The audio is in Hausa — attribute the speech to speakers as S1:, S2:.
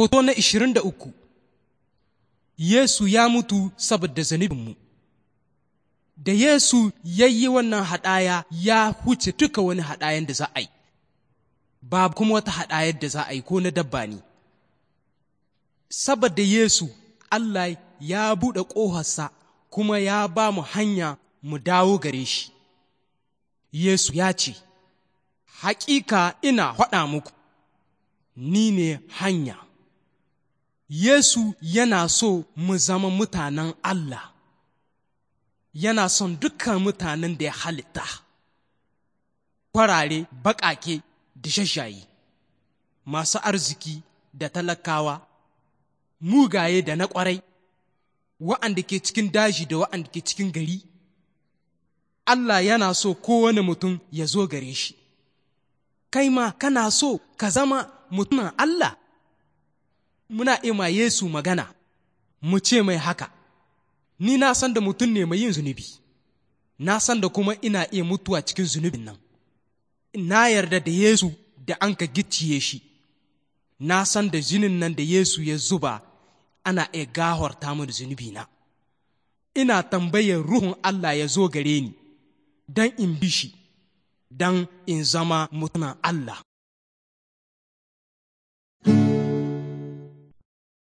S1: Hoto na ishirin da uku Yesu ya mutu saboda zanibinmu. Da Yesu ya yi wannan haɗaya ya huce duka wani haɗayan da za a yi, ba kuma wata haɗayar da za a yi ko na dabba ne. Saboda Yesu, Allah ya buɗe ƙoharsa kuma ya ba mu hanya mu dawo gare shi. Yesu ya ce, Hakika ina haɗa muku, ni ne hanya. Yesu yana so mu zama mutanen Allah, yana son dukkan mutanen da ya halitta, kwarare, baƙaƙe da shashayi, masu arziki da talakawa, mugaye da na ƙwarai, wa'anda ke cikin daji da wa'anda ke cikin gari. Allah yana so kowane mutum ya zo gare shi, kai ma kana so ka zama mutumin Allah. muna ima Yesu magana mu ce mai haka ni na san da mutum ne mai yin zunubi na san da kuma ina iya mutuwa cikin zunubin nan na yarda da Yesu da an ka gicciye shi na san da jinin nan da Yesu ya zuba ana iya gahorta mu zunubi na ina tambayar ruhun Allah ya zo gare ni don in bi shi don in zama mutumin Allah